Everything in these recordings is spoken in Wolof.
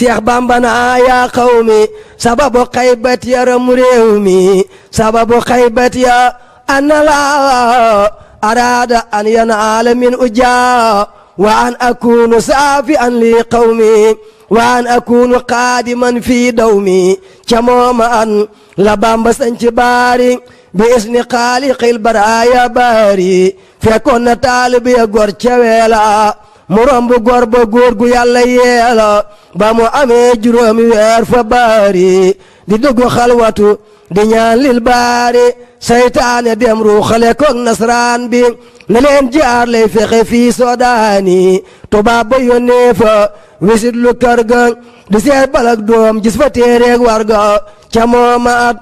Seex Bamba naa yaa qawmi sababu xaybat yaram réew mi sababu xaybat ya anna la araada an yanaala min ujaa wa an akunu saafi an lii qawmi wa an akunu qaadiman fii dawmi ca mooma an la Bamba sanci baari bi isni xaaliqil baraaya baari fekkoon na taalibe ya gor ca mu romb góor ba góor gu yàlla yeela ba mu amee juróomi weer fa baari di dugg xalwatu di ñaan lil baari saytaane dem ruuxale koog nasraan bi ne leen jaar lay fexe fii sodaani tubaab ba yónnee fa wisit lu di seet balak doom gis fa téereeg war ga ca mooma at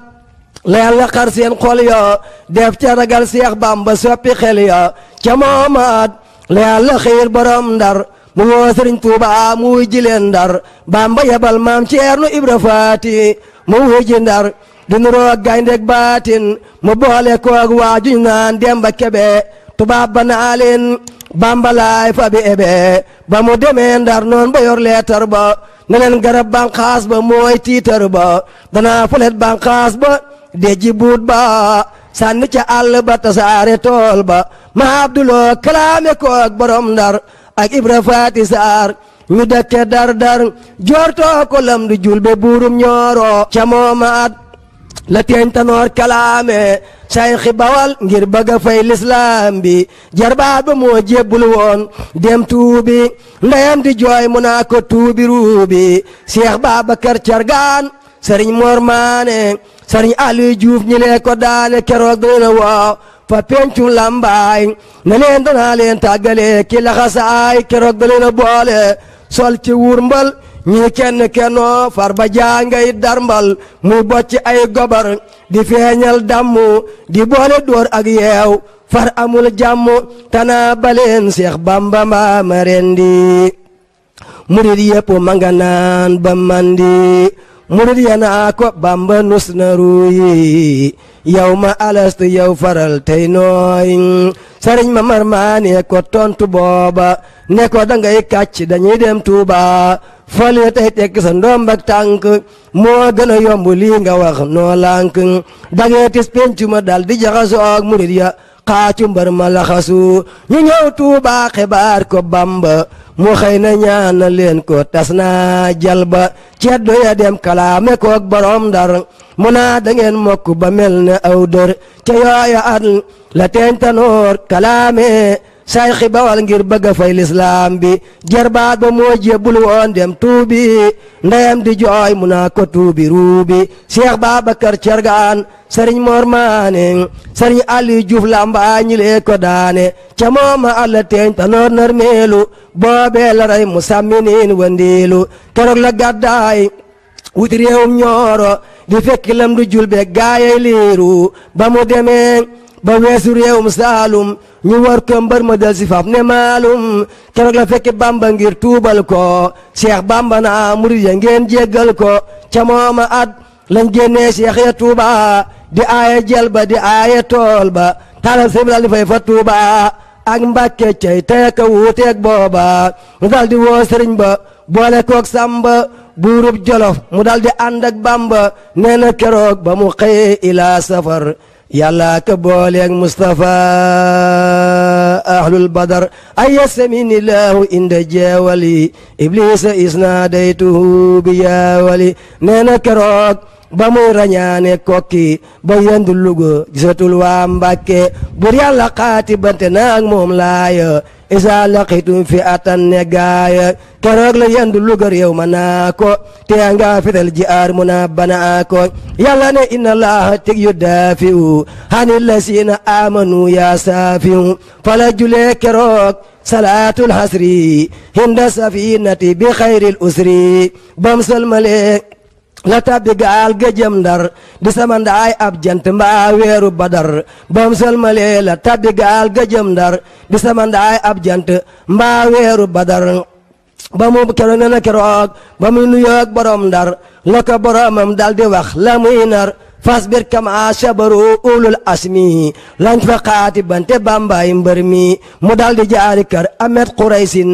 la yàlla xar seen xol yo def ca ragal seex bamba soppi xel yo ca mooma at la yàlla xiir borom ndar mu woo sëriñ Tuuba mu wujji leen ndar Bamba yabal maam Ceerno Ibra Faati mu wujji ndar di nuroog gayndeeg baatin mu boole koog waa juñ naan Demba Kebe tubaab ba naa leen Bamba laay fa bi ebe ba mu demee ndar noon ba yor leetar ba ne leen garab banqaas ba mooy tiitar ba danaa fulet banqaas ba deji buut ba sànni ca àll ba tasaare tool ba ma abduloo kalaame koog borom ndar ak ibra faati ñu dëkke dar dar joortoo ko lam du jul be buurum ñooro ca moomaat la teeñ tanoor kalaame sayxi bawal ngir bëgg a fay lislaam bi jarbaat ba moo jébbul woon dem tuubi ndeyam di jooy mu naa ko tuubi ruubi seex baabakar cargaan sëriñ mor maane sëriñ Aliou Diouf ñi lee ko daane keroog dañu ne waaw fa pencu lambaay ne leen danaa leen tàggale ki laxasaay keroog dañu ne boole sol ci wuur mbal ñii kenn kennoo far ba jaa ngay darmbal muy bocc ay gobar di feeñal dammu di boole dóor ak yeew far amul jàmm tanaa baleen Seex Bamba mbaa ma rendi murit yépp ma nga naan ba mandi murid ya naa ko bamba nus na ruuyi yow ma alastu yow faral tey nooy sëriñ ma marmaane ko tontu booba ne ko dangay kàcc dañuy dem Tuuba fole tey tekki sa ndomb ak tànk moo gën a yomb lii nga wax noo lànk dangay tis pencu ma dal di jaxasoo ak murid ya xaacu mbar ma laxasu ñu ñëw tuubaa xibaar ko bamba mu xëy na na leen ko tas naa jalba ceddo ya dem kalaame koog borom ndar mu naa da ngeen mokk ba mel ne aw dër ca yooya at la teen tanoor kalaame sayxi ba wal ngir bëgg fay lislaam bi jarbaat ba moo jébbulu woon dem tuubi ndeyam di jooy mu naa ko tuubi ruubi Cheikh Babacar Cargaan sëriñ Mor Maane sëriñ Aliou Diouf lamba ñi lee daane ca alla teeñ tanoor nar meelu boobee la rey mu sàmminiin wandiilu keroog la gàddaay wuti réewum ñooro di fekk lam du jul be gaayay liiru ba mu demee ba weesu réew mu saalum ñu war ko mbër ma del si ne maalum keroog la fekki bamba ngir tuubal ko cheikh bamba na murid ya ngeen jéggal ko ca mooma at lañ génnee cheikh ya tuuba di aaya jël ba di aaya tool ba taalal sëñ bi daal di fay fa tuuba ak mbàkke cay teeka wuuteeg booba mu daal di woo sëriñ ba boole koog sàmba buurub jolof mu daal di ànd bamba nee na keroog ba mu xëyee ilaa safar yàlla ka booleeg Mustapha ahlul badar ay yasamini laahu inda jeewali iblisa isnaadaytuhu bi yaawali nee na keroog ba muy rañaane kokki ba yendu lugo gisatul waa mbàkke bur yàlla xaati bante naag moom laaya isa laqitum fi atan ne gaaya keroog la yendu lugar yow ma te nga fetal ji aar mu ne inna laaha teg yu daafiwu hani lasiina aamanu yaa saafiwu fala julee keroog salaatul hasri hinda safinati bi xayril usri bam salmalee la tàbbi gaal ga jëm ndar di sama ndaay ab jant mbaa weeru badar bam sëlmalee la tàbbi gaal ga ndar di sama ndaay ab jant mbaa weeru badar ba mu keroog ne na ba mu nuyoog borom ndar la ko boromam dal di wax la muy nar fasbir kama sabaru ulul asmi lañ fa xaati bante bàmbaay mbër mi mu dal di jaari kër amet xuraysin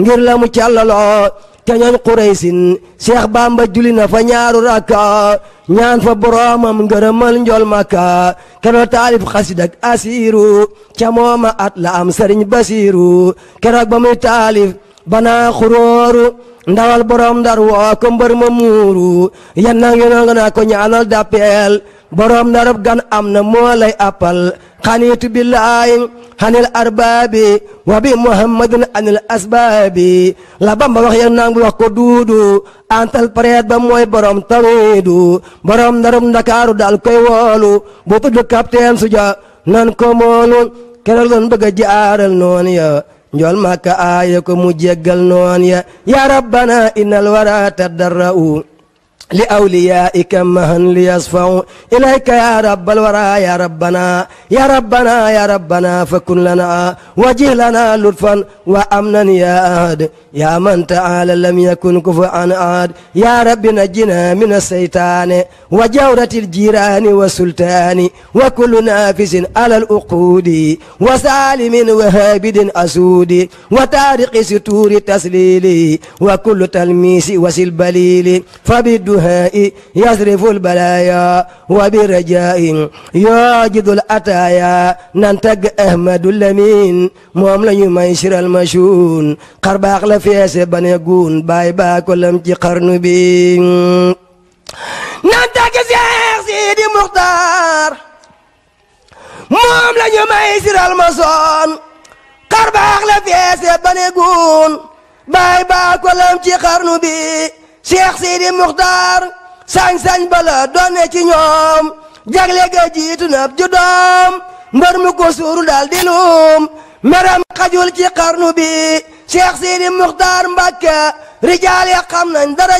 ngir la mu càllaloo ca ñooñ quraysin seex bamba julli na fa ñaaru rakka ñaan fa boroomam ngërëmal njool makka keroog taalif xasid asiiru ca at la am sëriñ basiiru keroog ba muy taalif banaa xuróoru ndawal borom ndar woo ko mbër ma muuru yan nag yoonoo nga naa ko ñaanal dàppeel borom ndarab gan am na moo lay appal xaniitu billaahi عن الأرباب وبمحمد عن الأسباب la Bamba wax yéen nangu wax ko duudu antal pareet ba mooy borom tamidu borom ndarum Ndakaaru daal koy woolu bu tudd capitaine su ja nan ko moolu keroog doon bëgg ya njool Makka aaya ko mu jéggal noonu ya ya rabbana innal wara tadarra'u li awliyaika mahan li yasfaw ilayka ya rabbal wara ya rabbana ya rabbana ya rabbana fakun lana wajih lana lutfan wa amnan ya ahad ya man ta'ala lam yakun kufuwan ahad ya rabbi najjina min asseytaane wa jawrati aljirani wa sultani wa kullu nafisin ala aluqudi wa salimin wa habidin asudi wa tariqi situri taslili wa kullu talmisi wa silbalili fabidu بالدهاء يصرف البلايا وبرجاء ياجد الأتايا ننتج أحمد اللمين moom la ñu may siral machuun xar baax la feese baneguun bàyyi baa ko lam ci xarnu bi nantag Seex Sidi Muxtaar moom la ñu may siral masoon xar baax la feese baneguun bàyyi baa ko lam ci xarnu bi Cheikh Sidi Muxtaar sañ-sañ bala doone ci ñoom jagle ga jiitu na ju doom mbër mu ko suuru daal luum meram xajul ci xarnu bi Cheikh Sidi Muxtaar Mbàkke rijaal ya xam nañ dara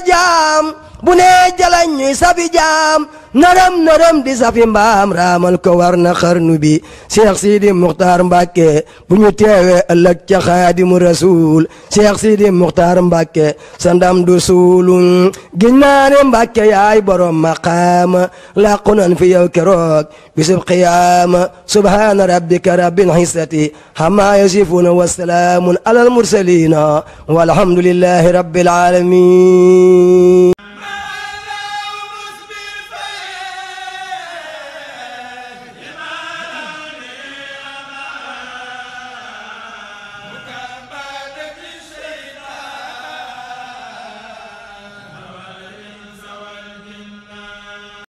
bu nee jalañ ñuy jaam naram naram di safi mbaam raamal ko war na xarnu bi Cheikh Sidi Muxtaar Mbàkke bu ñu teewee ëllëg ca xaadimu rasuul Cheikh Sidi Muxtaar Mbàkke sa du suulun ginnaane Mbàkke yaay borom maqaama làqu nan fi yow keroog bisub qiyaama subhaana rabbika rabbil izzati ammaa yasifuuna wa salaamun alal mursaliina walhamdulillahi rabbil aalamiin